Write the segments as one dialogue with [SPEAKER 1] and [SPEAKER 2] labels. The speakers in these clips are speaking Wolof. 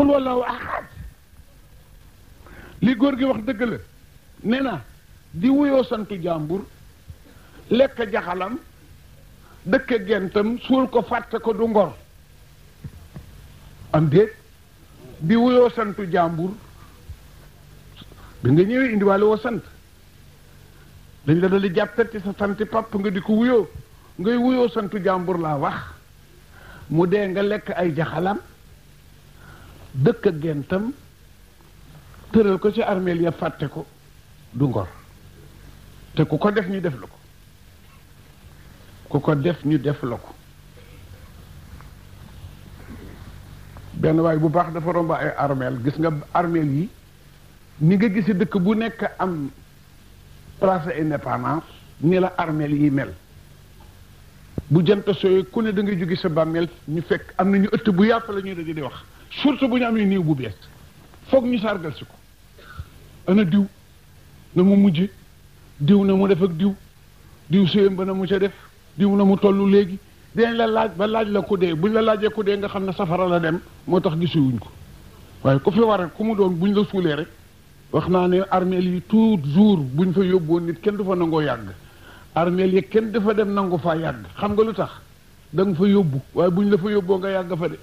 [SPEAKER 1] xul wallaahu li góor gi wax dëgg la nee na di wuyoo santu jàmbur lekk jaxalam dëkk gentam suul ko fàtte ko du ngor am déet di wuyoo santu jàmbur bi nga ñëwee indiwaale woo sant dañ la dali jàppati sa santi pàpp nga di ko wuyoo ngay wuyoo santu jàmbur laa wax mu dee nga lekk ay jaxalam dëkk gentam tëral ko ci armeel ya fàtte ko du ngor te ku ko def ñu def la ko ku ko def ñu def la ko benn waay bu baax dafa romb ay armeel gis nga armeel yi ni nga gisi dëkk bu nekk am place indépendance ni la armeel yi mel bu jant sooy ku ne da nga jóge sa bàmmeel ñu fekk am na ñu ëtt bu yàpp la ñu daje di wax surtout bu ñu amee niiw bu bees foog ñu sargal si ko ana diw na mu mujj diw na mu def ak diw diw séyam ba na mu ca def diw na mu toll léegi dinañ la laaj ba laaj la ku dee buñ la laajee ku dee nga xam ne safara la dem moo tax gisuwuñ ko waaye ku fi war ku mu doon buñ la suulee rek wax naa ne armeel yi toujours buñ fa yóbboon nit kenn du fa nangoo yàgg armeel yi kenn dafa dem nangu faa yàgg xam nga lu tax da nga fa yóbbu waaye buñ la fa yóbboo nga yàgg fa de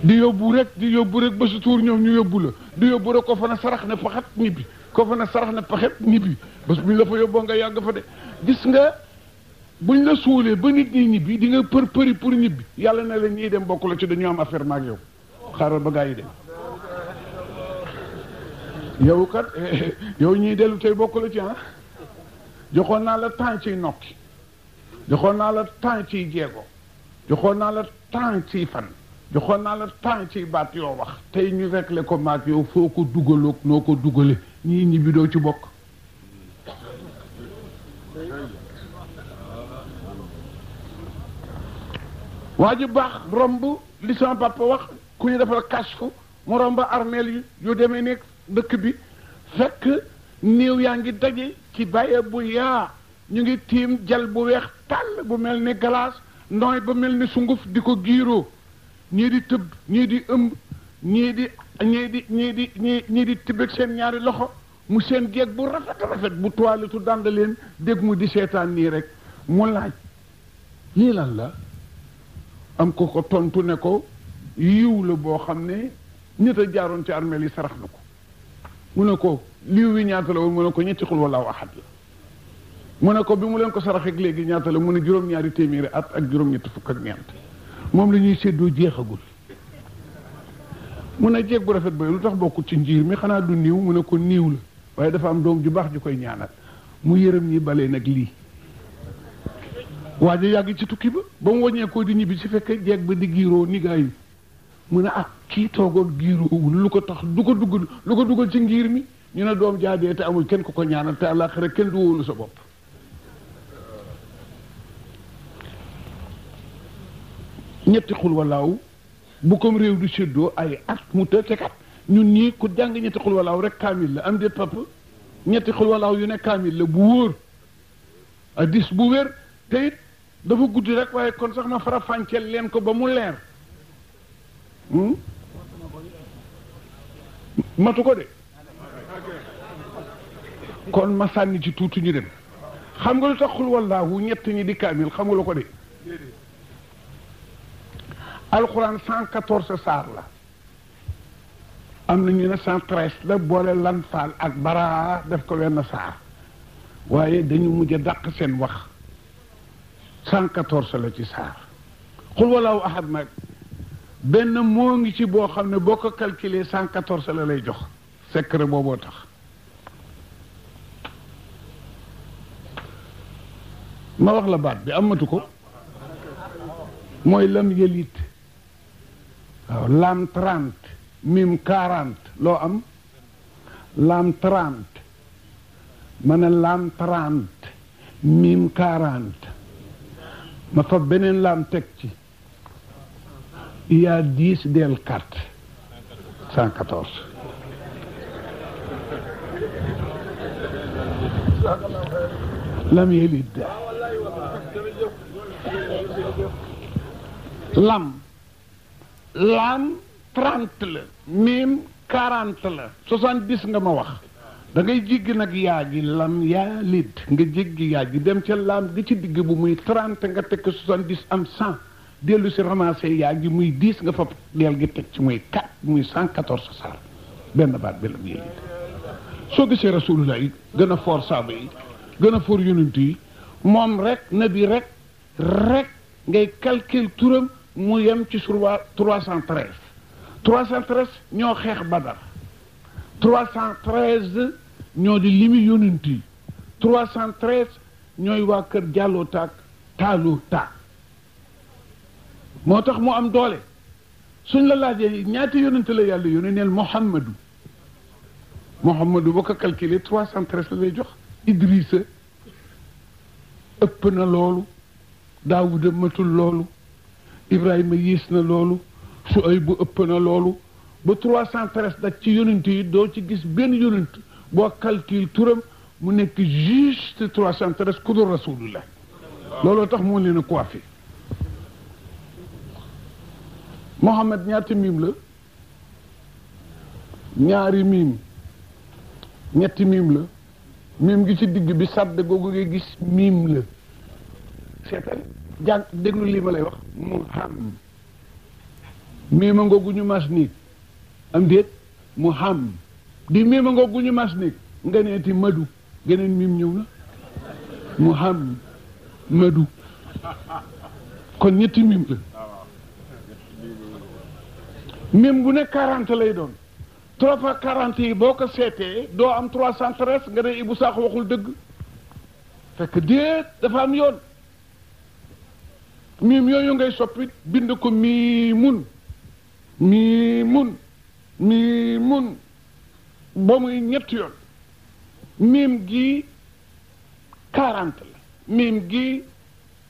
[SPEAKER 1] di yóbbu rek di yóbbu rek ba su ñoom ñu yóbbu la di yóbbu rek ko fa na sarax ne paxat ñibbi na sarax ne paxat ñibbi bés bu ñu la fa yóbboo nga yàgg fa de gis nga buñ la suulee ba nit ñi ñibbi di nga për përi pour ñibbi yàlla na la ñuy dem bokk la ci dañu am affaire maag yow xaaral ba gaa yi dem
[SPEAKER 2] yow kat yow
[SPEAKER 1] ñuy dellu tey bokk la ci ah joxoon naa la temps ciy nokki joxoon naa la temps ciy jeego joxoon naa la temps ci fan joxoon naa la temps ci baat yoo wax tey ñu réglé ko maag yow foo ko dugaloog noo ko dugale ñi bi doo ci bokk waa ji baax romb li sama wax ku ñu defal kasfu mu armeel yi yu demee nekk dëkk bi fekk néew yaa ngi daje ci bàyyee bu yaa ñu ngi tiim jal bu weex tàll bu mel ni galaas nooy ba mel ni sunguf di ko giiroo ñii di tëb ñii di ëmb ñii di ñii di seen ñaari loxo mu seen geeg bu rafet rafet bu toiletu dànd leen dégg mu di seetaan nii rek mu laaj lii lan la am ko ko tontu ne ko yiw la boo xam ne ñett jaaroon ci armeel yi sarax na ko mu ne ko liw wi ñaata la woon mu ne ko ñetti xul wala waxat la mu ne ko bi mu leen ko saraxeeg léegi ñaata la mu ne juróom-ñaari téeméeri at ak juróom-ñetti fukk ak ñeent moom lañuy ñuy jeexagul mu ne jeeg bu rafet ba lu tax bokkul ci njiir mi xanaa du niiw mu ne niiw la waaye dafa am doom ju baax ju koy ñaanal mu yërëm ñi balee nag lii waaja yàgg ci tukki ba ba mu di ñibbi si fekkee jeeg ba di giiroo ni gaa mu ne ah kii toogoon giiroowul lu ko tax du ko duggal lu ko duggal ci ngiir mi ñu ne doom jaadee te amul kenn ku ko ñaanal te àllaaxira kenn du wóolu sa bopp ñetti xul walaaw bu comme réew du séddoo ay at mu te kat ñun ñii ku jàng ñetti xul walaaw rek kaamil la am de papp ñetti xul walaaw yu ne kaamil la bu wóor dis bu wér te it dafa guddi rek waaye kon sax ma fara leen ko ba mu leer hmm? matu ko de kon ma sànni ci tuuti ñu dem xam nga lu tax xul walaahu ñett ñi di kaamil xam nga ko de alxuraan cent quatorze saar la am na ñu ne cent treize la boole lan faal ak baraa def ko wenn saar waaye dañu mujj a dàq seen wax cent quatorze la ci saar xul walaaw ahad nag benn moo ngi ci boo xam ne boo ko calculer cent quatorze la lay jox secret booboo tax ma wax la baat bi amatu ko mooy lam yëlit waaw laam trente mim quarante loo am laam trente ma ne laam trente mim quarante ma fa beneen laam ci il y del quatre lam yelid lam laam trente la miim quarante la soixante dix nga ma wax da ngay jéggi nag yaa gi lam yaa lit nga jéggi yaa gi dem ca laam gi ci digg bu muy trente nga teg soixante dix am cent dellu si ramassé yaa gi muy dix nga fa deel gi teg ci muy quatre muy cent quatorze saar benn baat bi la mu yéegit soo gisee rasulullah yi gën a foor saaba yi gën a foor yonent yi moom rek nabi rek rek ngay calcul turam mu yem ci surwa 313 313 ñoo xeex Badar 313 ñoo di limi yonent yi 313 ñooy waa kër jàlloo taak taaloo taak moo tax mu am doole suñ la laajee ñaata yonent la yàlla yónnee neel Muhammadu Muhammadu boo ko calculé 313 la lay jox Idrissa ëpp na loolu Daawuda matul loolu ibrahima yiis na loolu su ay bu ëpp na loolu ba trois cent treize dak ci yonent yi doo ci gis benn yonent boo calcule turam mu nekk juste trois cent treize ku dul rasulullah looloo tax moo leen a coiffé Mohamed ñaata miim la ñaari miim ñetti miim la miim gi ci digg bi sàdd googu ngay gis miim la jàng déglu lii ma lay wax mu xam miima ngoogu ñu mas niig am déet mu xam di miima ngoogu ñu mas niig nga neeti madu geneen miim ñëw na mu xam madu
[SPEAKER 2] kon ñetti miim la
[SPEAKER 1] miim bu ne quarante lay doon trois ak yi boo ko seetee doo am trois cent treize nga ne waxul dëgg fekk déet dafa am yoon miim yooyu ngay soppi bind ko mii mun mii ba muy ñetti yoon miim gi quarante la miim gi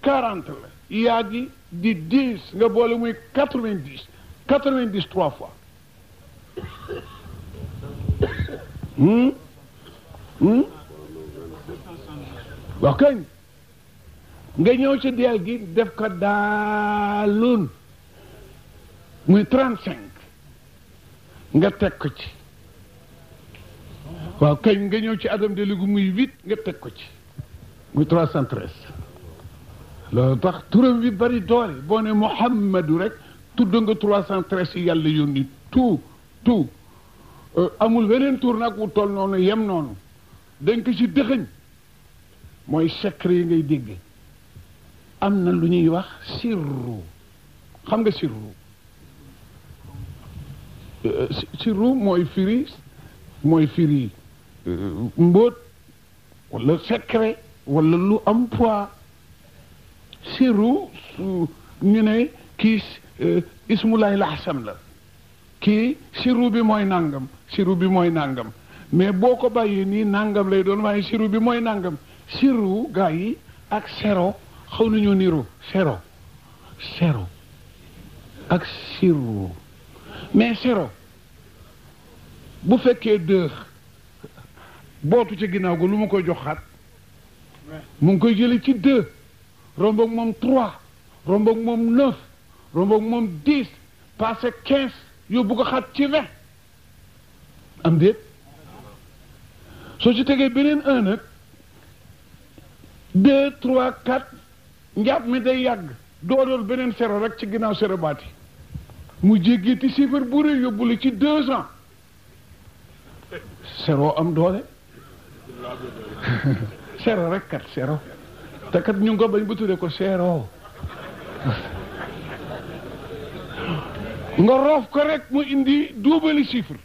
[SPEAKER 1] quarante la yaa gi di dix nga boole muy quatre vingt dix quatre vingt dix trois fois hmm? hmm? wax kañ nga ñëw ci deel gi def ko daalun muy trente nga teg ko ci waaw kañ nga ñëw ci adam de ligu muy huit nga teg ko ci muy trois cent treize loolu tax turam wi bari doole boo ne Muhammadu rek tudd nga trois cent treize yi yàlla yónni tout tout euh, amul weneen tur nag wu toll noonu yem noonu dañ ko ci dëxëñ mooy secret yi ngay dégg am na lu ñuy wax sirru xam nga sirru euh, sirru mooy firi mooy firi euh, mbóot wala secret walla lu am poids sirru ñu ne kii euh, ismulaay laxsam la kii sirru bi mooy nàngam sirru bi mooy nàngam mais boo ko bàyyee nii nàngam lay doon waaye sirru bi mooy nàngam sirru gaa yi ak sero xaw nañoo niru sero
[SPEAKER 2] sero ak sirru
[SPEAKER 1] mais sero bu fekkee deux bootu ci ginnaaw ga lu ma koy jox xaat mu ngi koy jële ci deux romboog moom trois romboog moom neuf romboog moom dix passé quinze yóbbu ko xaat ci vingt am déet soo ci tegee beneen un nag deux trois quatre njaab mi day yàgg doodool beneen sero rek ci ginnaaw sero baati mu jéggeeti chiffre bu rëy yóbbu ci deux ans sero am doole sero rek kat sero te kat ñu ngi ko bañ bu ko sero nga roof ko rek mu indi duubali chiffre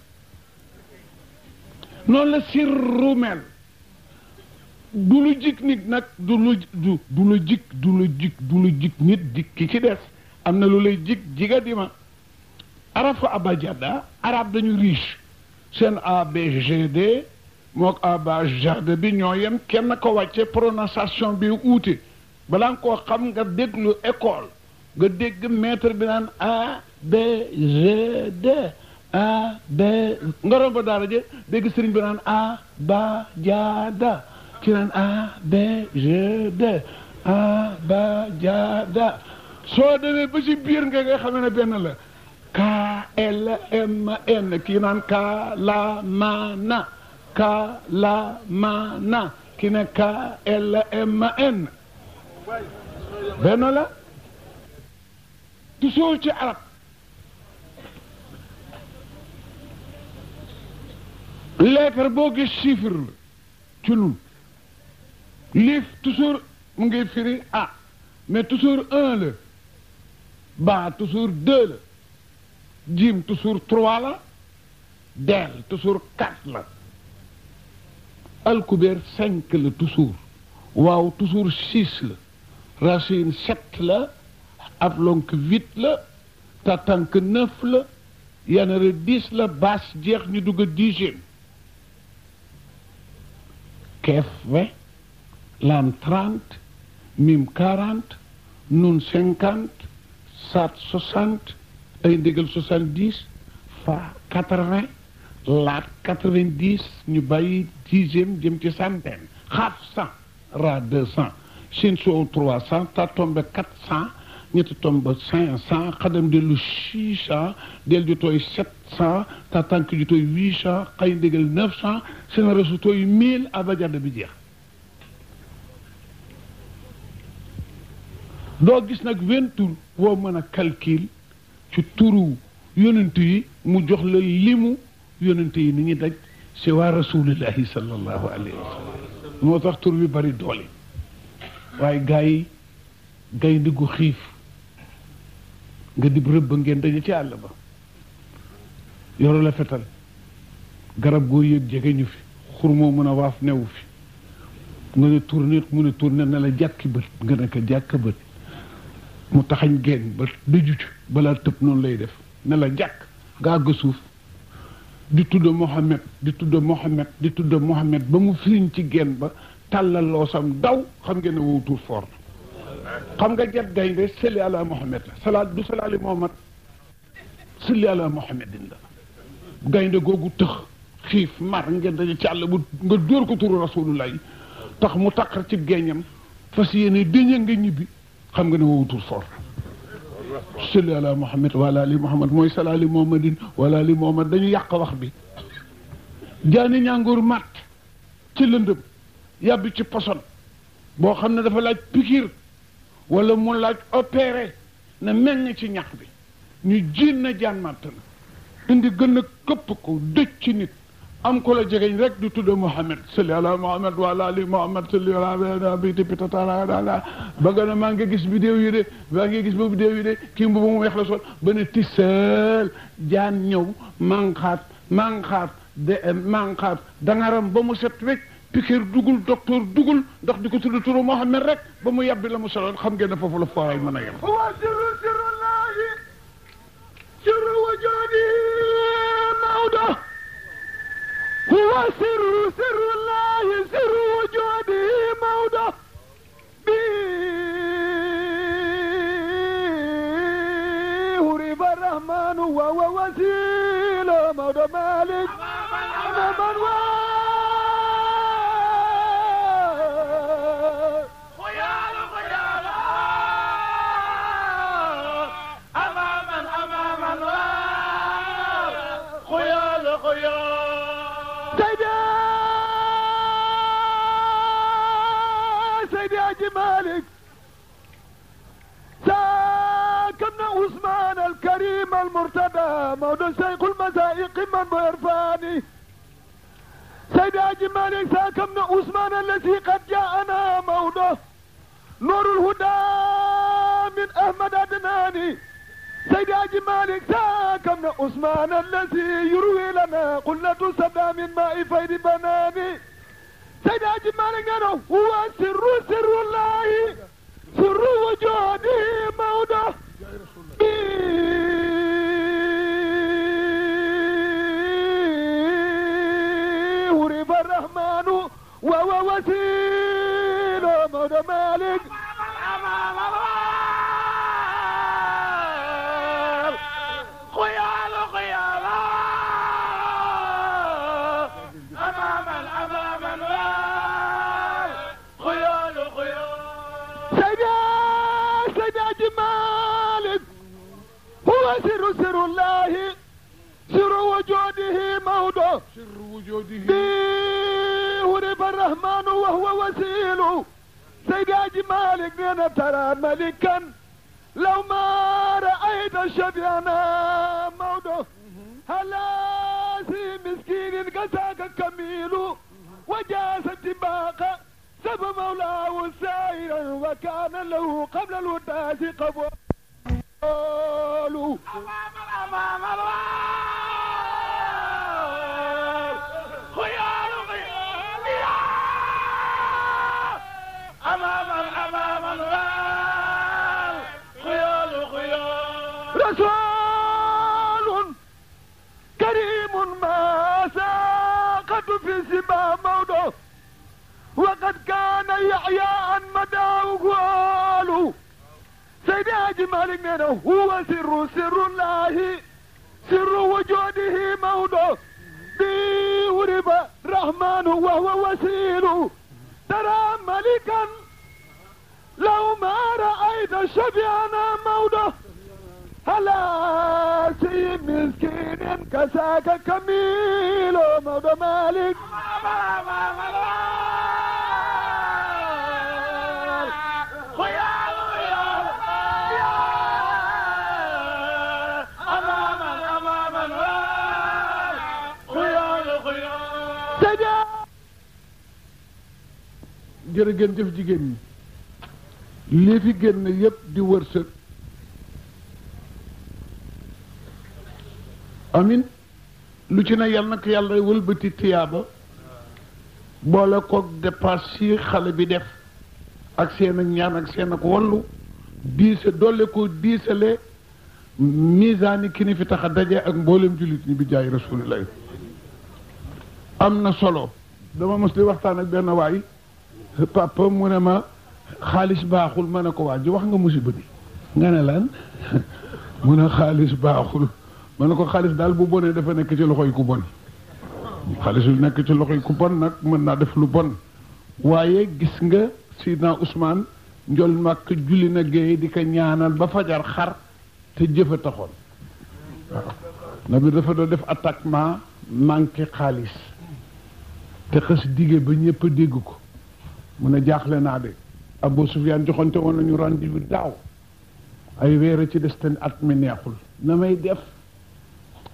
[SPEAKER 1] noonu la sirru mel du lu jik nit nag du lu du du lu jik nit jik ci des am na lu lay jik jigadima arab fa abajada arab dañu riche seen abgd mook abajada bi ñoo yem kenn ko wàcce prononciation bi uute balaa nga koo xam nga déglu école nga dégg maître bi naan a b g d a nga romb daara je dégg sëriñ bi naan abajada ci naan A B G D A ba ja da soo demee ba ci biir nga nga benn la K L M N kii naan K la ma na la ma L M N benn la du ci arab lettre boo gis chiffre ci nun liif toujours mu ngi firi A mais toujours un la ba toujours deux la jim toujours trois la del toujours quatre la alkubeer cinq la toujours waaw toujours six la racine sept la aplonk huit la tatank neuf la yanare dix la baas jeex ñu dugg a dixième keef l'an 30, mim 40, nun 50, sat 60, ay ndigal 70, fa 80, laat 90, ñu bàyyi dixième jëm ci centaine. xaaf 100, ra 200, shin soo 300, ta tombe 400, ñetti tombe 500, xadam dellu 600, del ju tooy 700, ta tànk ju tooy 800, xay ndigal 900, seen resu tooy 1000 abajada bi jeex. doo gis nag wenn tur woo mën a calcul ci turu yonent yi mu jox la limu yonent yi ni ñu daj si waa rasulillahi sallallahu alayhi wa sallam moo tax tur bi bari doole waaye gaa yi gaynde gu xiif nga dib rëbb ngeen daje ci àll ba yoru la fetal garab goo yëg jege ñu fi xur moo mën a waaf newu fi nga ne tourné mu ne tourné ne la jàkki bët nga ne ko jàkk bët mu taxañ génn ba dëju ci balaa tëb noonu lay def nela jàkk nga àgg suuf di tudd Mohamed di tudd Mohamed di tudd Mohamed ba mu firiñ ci gen ba tàllal loo sam daw xam ngeen ne wowutul fort xam nga jat gaynde sëli ala Mohamed la salaat du salaali Mohamed sëli la gaynde googu tëx xiif mar ngeen dañu ci àll bu nga dóor ko turu rasulullah yi tax mu taqar ci géeñam fas yéene déña nga ñibbi xam nga ne woowutul for salli ala muhammad wala ali muhammad mooy salaali muhammadin wala ali muhammad dañu yàq wax bi jaani ñàngoor màtt ci lëndëm yàbbi ci poson boo xam ne dafa laaj pikiir wala mu laaj opéré na meññ ci ñax bi ñu jiin na jaan màtt na indi gën a këpp ko dëj ci nit am ko la jegeñ rek di tudd Mouhamed salli ala Mouhamed wa ala ali Mouhamed salli ala bi ti pitatala daala ba nga ne maa ngi gis bidéew yi de maa ngi gis boobu bidéew yi de kii mbubu mu weex la sol ba ne tiseel jaan ñëw manxaat manxaat de eh, manxaat dangaram ba mu set rek piqûre dugul docteur dugul ndax di ko tudd turu Mouhamed rek ba mu yàbbi la mu soloon xam ngeen ne foofu la fooral mën a yem
[SPEAKER 2] wa siru siru laahi siru wajooni سيدي حاج مالك تاكمنا عثمان الذي يروي لنا قلة سدا من ماء فيض بناني سيدي حاج مالك أنا هو سر سر الله سر وجودي موضع ورب الرحمن وهو وسيل موضع مالك سر وجوده بي هرب الرحمن وهو وسيله سيد حاج مالك بين ترى ملكا لو ما رأيت شبيانا موضه هلا سي مسكين كساك كميل وجاس سباق سب مولاه سائرا وكان له قبل الوداس قبول أمام الأمام الله أشبه موته وقد كان يحيى مداوه آله سيدي حاج مالك هو سر سر الله سر وجوده موته بي ورب رحمن وهو وسيل ترى ملكا لو ما رأيت شبعنا موته هلا سي مسكين كساك كميل مولى مالك
[SPEAKER 1] jërë ngeen jëf jigéen ñi lii fi génn yëpp di wërsëg amin lu ci ne yal na ko yàlla wëlbati tiyaaba boole koog dépasse si xale bi def ak seen ak ñaan ak seen ak wallu diise doole ko diisale misaani ki fi tax a daje ak mboolem jullit ñi bi jaay rasulillahi am na solo dama mos di waxtaan ak benn waay papa mu ne ma xaalis baaxul ma ne ko waa ji wax nga musiba bi nga ne lan mu ne xaalis baaxul ma ne ko xaalis daal bu bonee dafa nekk ci loxoy ku bon xaalis lu nekk ci loxoy ku bon nag mën naa def lu bon waaye gis nga sidna Ousmane njol màkk julli na géey di ko ñaanal ba fajar xar te jëfa taxoon na bi dafa doon def attaquement manqué xaalis te xës dige ba ñëpp dégg ko mun a jaaxle naa bi de Abou Soufiane joxante woon nañu rendez-vous daaw ay weer a ci des te at mi neexul na may def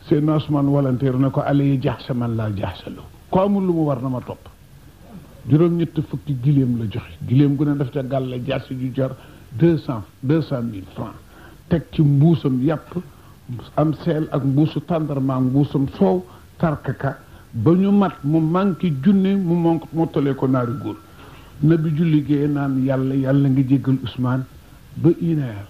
[SPEAKER 1] seen Ousmane volontaire na ko alayi jaxsa man laa jaxsa la ko amul lu mu war na ma topp juróom-ñett fukki giléem la joxe giléem gu ne def ca gàll la jaasi ju jar deux cent deux cent mille franc teg ci mbuusam yàpp am seel ak mbuusu tàndarma ak mbuusam soow tarkaka ba ñu mat mu manqué junne mu mon mottalee ko naari góor na bi julli gee naan yàlla yàlla nga jéggal Ousmane ba une heure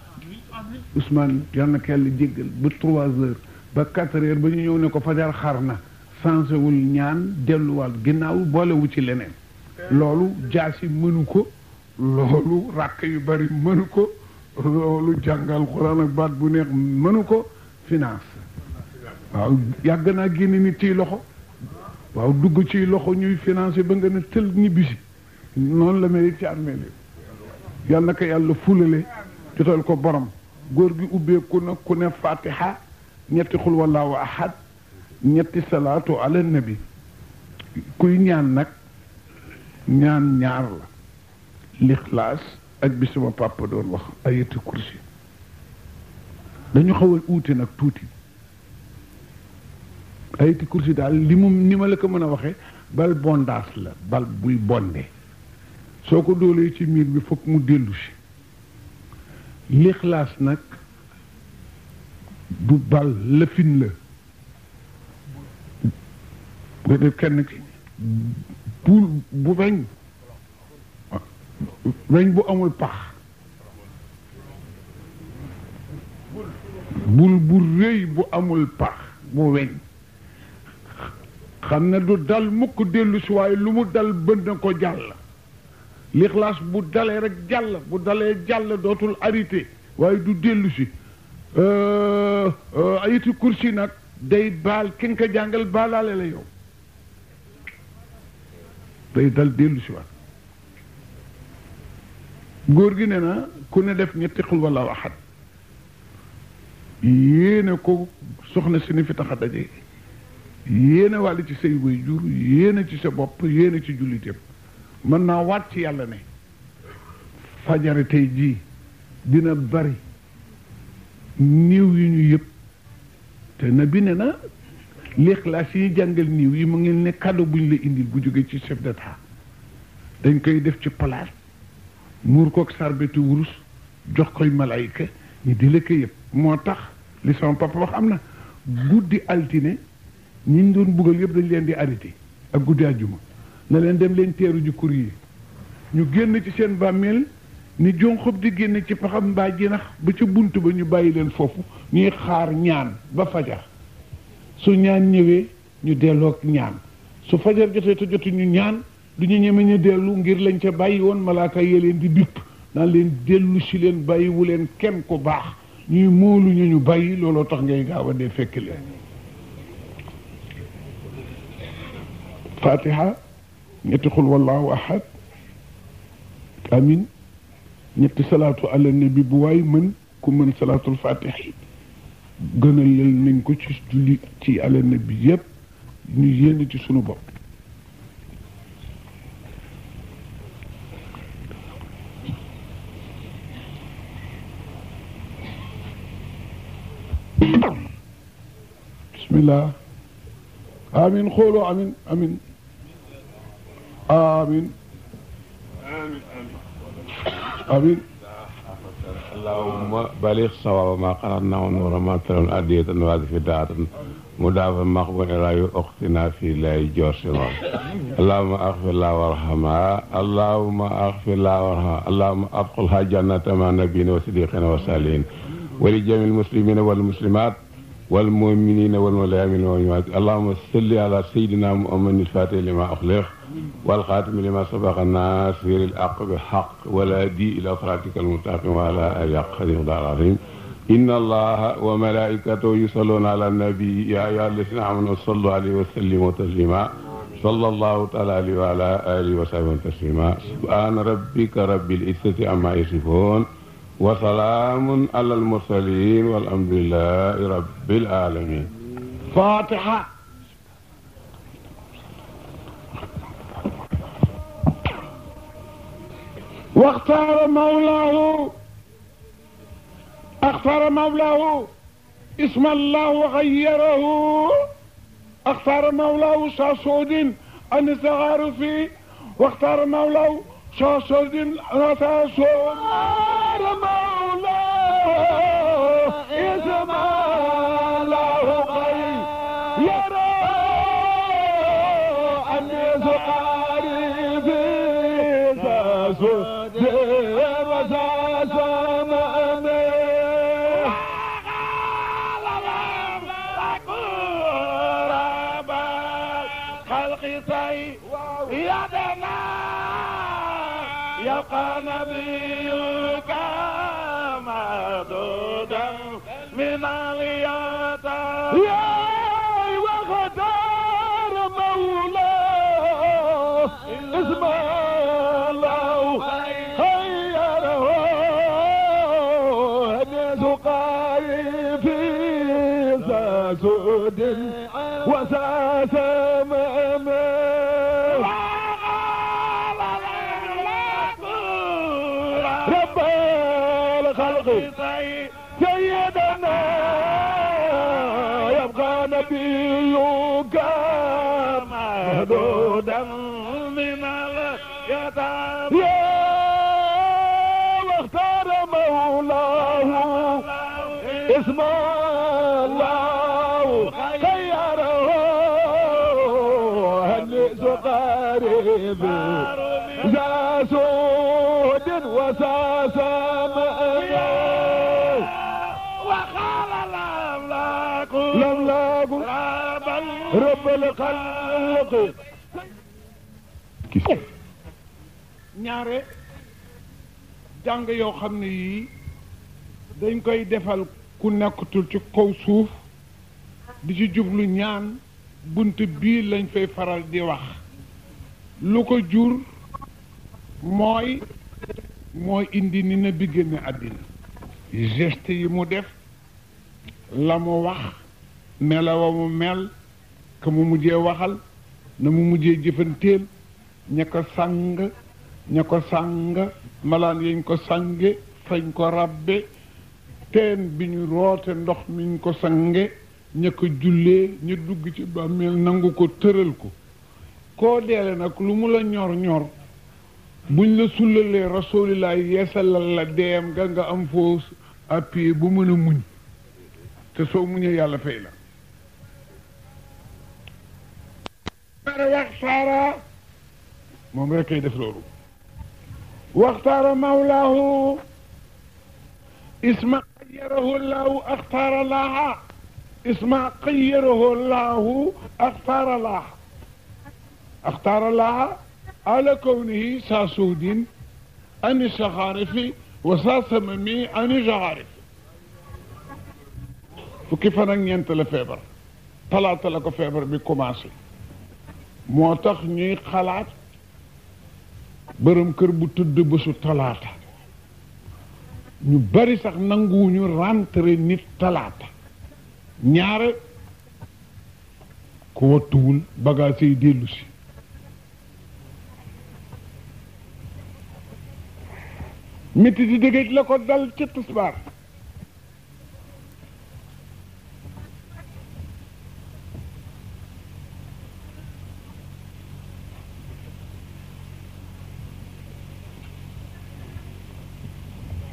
[SPEAKER 1] Ousmane yàlla na ko yàlla jéggal ba trois heures ba quatre ba ñu ñëw ne ko fajar xar na sansewul ñaan delluwaat ginnaaw boolewu ci leneen loolu jaasi mënu ko loolu ràkk yu bari mënu ko loolu jàngal xuraan ak baat bu neex mënu ko finance waaw yàgg naa génne nit ciy loxo waaw dugg ciy loxo ñuy financé ba nga ne tël ñibbisi noonu la mel ci armée li yàlla na ko yàlla fulale jotal ko borom góor gi ubbeeku na ku ne fatiha ñetti xul wallaahu ahad ñetti salaatu ala nabi kuy ñaan nag ñaan ñaar la lixlaas ak bi sama papa doon wax ayati kursi dañu xaw a nag tuuti ayati kursi daal li mu ni ma la ko mën a waxee bal bondaas la bal buy bonde soo ko doolee ci miir bi foog mu dellu si lixlaas nag du bal lëfin la bu kenn ki weñ weñ bu amul pax bul bu rëy bu amul pax bu weñ xam ne du dal mukk dellusi si waaye lu mu dal bën ko jàll lixlaas bu dalee rek jàll bu dalee jàll dootul arrêté waaye du dellusi Euh, euh, ayatu kursi nag day baal ki nga jàngal baalaale la yow day dal dellu si waat góor gi ne na ku ne def ñetti xul wala waxat yéene ko soxna si ni fi tax a daje yéene wàll ci say way jur yéene ci sa bopp yéene ci julliteem mën naa waat ci yàlla ne fajare tey jii dina bari niiw yu ñu yëpp te na bi ne na lixlaas yi jàngal niiw yi mu ngi ne cadeau buñ la indil bu jógee ci chef d'état dañ koy def ci palaas muur kook sarbetu wurus jox koy malayka ñu di lëkk ko yëpp moo tax li sama papa wax am na guddi altine ñiñ doon buggal yëpp dañ leen di arrêté ak guddi àjjuma na leen dem leen teeru ji kur yi ñu génn ci seen bàmmeel ni jonxob di génn ci paxam mbaa jinax ba ca bunt ba ñu bàyyi leen foofu ñuy xaar ñaan ba fajar su ñaan ñëwee ñu delloog ñaan su fajar jotee te jotu ñaan duñu ñu ñu dellu ngir lañ ca bàyyi woon malaaka yee leen di bipp naan leen dellu si leen bàyyiwu leen kenn ko baax ñuy moolu ñu ñu bàyyi looloo tax ngay gaaw a dee fekk leen fatiha ñetti xul wallahu ahad amin ñetti salaatu ala bi bu waay mën ku mën salaatul fatihi gënalal nañ ko ci julli ci ala nabi yëpp ñu yénn ci sunu bopp bismillah amin xooloo amin amin amin
[SPEAKER 2] amiin allahumma
[SPEAKER 1] balix sawaaba ma xalaatnaa wa nuura ma taroon addiyatan waasifa daatan mu daafa maxbun ilaa yu oxtina fii lay joor si noon allahumma axfir laa warxama allahumma axfir laa warxama allahumma adxulha jannata ma nabiyina wa sidiqina wa salihin wa li jamil muslimina wal muslimat wal mu'minina wal mu'minati wal mu'minat allahumma salli ala sayyidina muhammadin al-fatihi lima ughliqa wal khatimi lima sabaqa nasiril haqq bil haqq wal hadi ila siratikal mustaqim wa ala alihi haqqa qadrihi azim inna allaha wa malaikatahu yusalluna ala nabi ya ayyuhallazina amanu sallu alayhi wa sallimu taslima sallallahu ta'ala alayhi wa ala alihi wa sahbihi taslima subhana rabbika rabbil izzati amma yasifun وسلام على المرسلين والحمد لله رب العالمين
[SPEAKER 2] فاتحة واختار مولاه اختار مولاه اسم الله وغيره
[SPEAKER 1] اختار مولاه شاسود عن التعارف
[SPEAKER 2] واختار مولاه شاسود رتاسود يا مولاي اسمع ورد وساس مأمه رب الخلق سيدنا يبقى نبيك مهدودا من اليتامى يا واختار مولاه اسمه الخلق
[SPEAKER 1] ñaare jàng yoo xam ne yii dañ koy defal ku nekkatul ci kaw suuf di ci jublu ñaan bunt bii lañ fay faral di wax lu ko jur mooy mooy indi ni na bi génne àddina geste yi mu def la mu wax melawa mu mel ka mu mujje waxal na mu mujjee jëfanteel ña ko sàng ña ko sàng malaan yañ ko sange fañ ko ràbbe teen bi ñu roote ndox miñ ko sange ña ko jullee ña dugg ci bàmmeel nangu ko tëral ko koo deele nag lu mu la ñor ñor buñ la sullalee rasulillah yeesalal la deem nga nga am foo appuyé bu mën a muñ te soo muñee yàlla fay la
[SPEAKER 2] saara yax saara
[SPEAKER 1] moom rek kay def loolu waxtaara mawlaahu isma xayarahu laahu axtaara laaha isma xayarahu laahu axtaara laaha axtaara laaha ala kawnihi saa suudin ani saxaarifi wa saa samami ani jaxaarifi fukki fan ak ñeent la feebar talaata la ko feebar bi commencé moo tax ñuy xalaat bërëm kër bu tëdd bésu talaata ñu bari sax ñu rentré nit talaata ñaare ku wattuwul bagage yi dellu si métti di dëgëj la ko dal ci tisbaar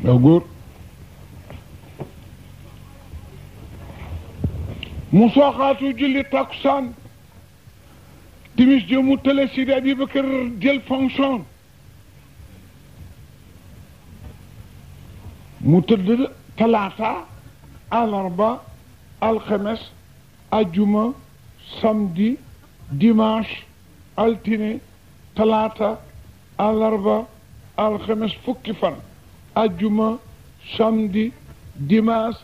[SPEAKER 1] ndaw góor mu sooxaatu julli takusaan timis jo mu tële Sidi Abibakar jël fonction mu tëdd talaata alarba alxames ajuma samedi dimanche altine talaata alarba alxames fukki fan ajjuma samedi dimanche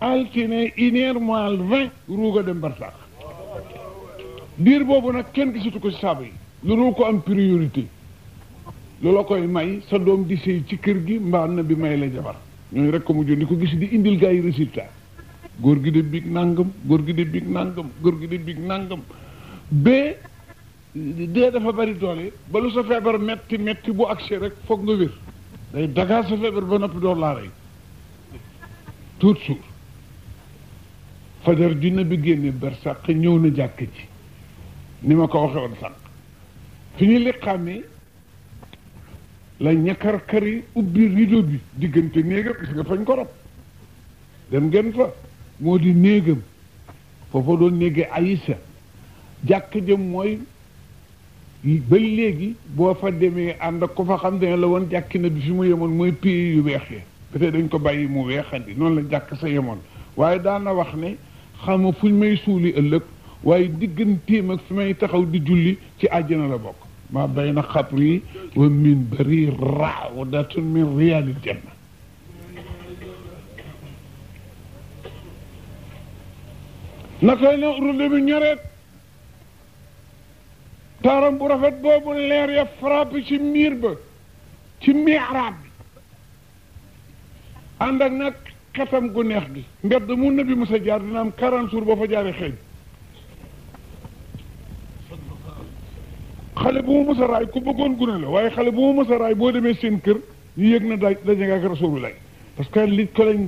[SPEAKER 1] altine une heure moins vingt ruuga dem barsax diir boobu nag kenn gisatu ko ci saaba yi lu ko am priorité loola koy may sa doom di sëy ci kër gi mbaa na bi may la jabar ñooñu rek ko mujjoon di ko gis di indil gaa yi résultat góor gi de big nangam góor gi de big nangam góor gi de big nangam bee dee dafa bari doole ba lu sa feebar metti metti bu agsi rek foog nga wér day dagaar sa feebar ba noppi door laa rey toujours fajar junne bi génne barsàq ñëw na jàkk ci ni ma ko waxe woon sànq fi ñu liqaamee la ñakkar kari ubbi rideau bi diggante néegam gis nga fañ ko rob dem ngeen fa moo di néegam foofa doon néegee Aïssa jàkk jëm mooy ba léegi boo fa demee ànd ak ko fa xam ne la woon jàkki na bi fi mu yemoon mooy pays yu weex yi peut dañ ko bàyyi mu weexandi noonu la jàkk sa yemoon waaye na wax ne xama fuñ may suuli ëllëg waaye digganteem ak fi may taxaw di julli ci àjjana la bokk maa bayna xabri wa min bari rawdatun min riyaadil janna naka la urule bi ñoreet taaram bu rafet boobu leer ya frappé ci miir ba ci miiraab bi ànd ak nag xetam gu neex gi mbedd mu nabi musa jaar dina am quarante jours boo fa jaaree xëy xale bu mu musa raay ku bëggoon gune la waaye xale bu mu musa raay boo demee seen kër ñu yëg na daaj daje nga ak rasulullah parce que lii ko lañ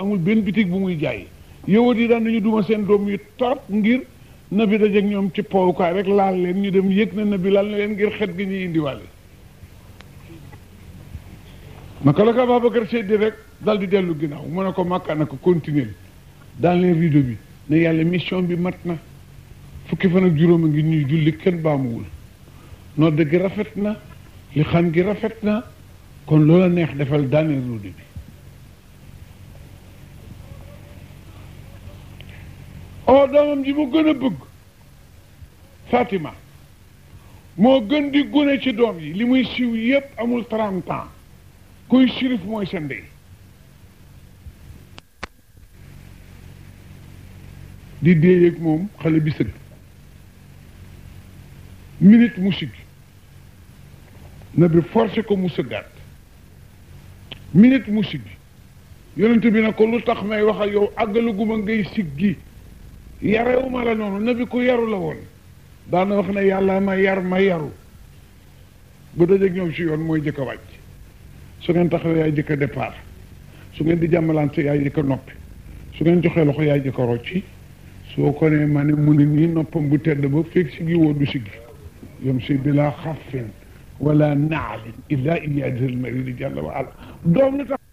[SPEAKER 1] amul benn bitig bu muy jaay yow di daan nañu duma seen doom yu torop ngir nabi dajeeg ñoom ci powukaay rek laal leen ñu dem yëg na nabi laal na leen ngir xet gi ñuy indiwaale naka la ko Ababacar seddi rek dal di dellu ginnaaw mu ne ko Makka na ko continuer dans les rideaux bi ne yàlla mission bi mat na fukki fan ak juróom a ngi ñuy julli kenn baamuwul nodd gi rafet na li xan gi rafet na kon loola neex defal dans les rideaux bi oo oh, doomam ji mu gën a bëgg Fatima moo gën di gune ci doom yi li muy siiw yépp amul trente ans kuy sirif mooy sa ndey di déeyeeg moom xale bi sëgg minute mu sigg na bi forcé ko mu sëggaat minute mu sigg yonent bi na ko lu tax may wax ak yow àggalaguma ngay siggi yarewuma la noonu nabi ku yaru la woon daan wax na yàlla ma yar ma yaru bu dajeeg ñoom ci yoon mooy jëkk a wàcc su ngeen taxawee yaay jëkk a départ su ngeen di jàmmalante yaay jëkk a noppi su ngeen joxee loxo yaay jëkk rocci soo ko ne ma ne mu ngi nii noppam bu tedd ba feeg si gi woo du si gi yom si bilaa xaffin wala naalin illa iyaadil maridi jàlla wa ala doom lu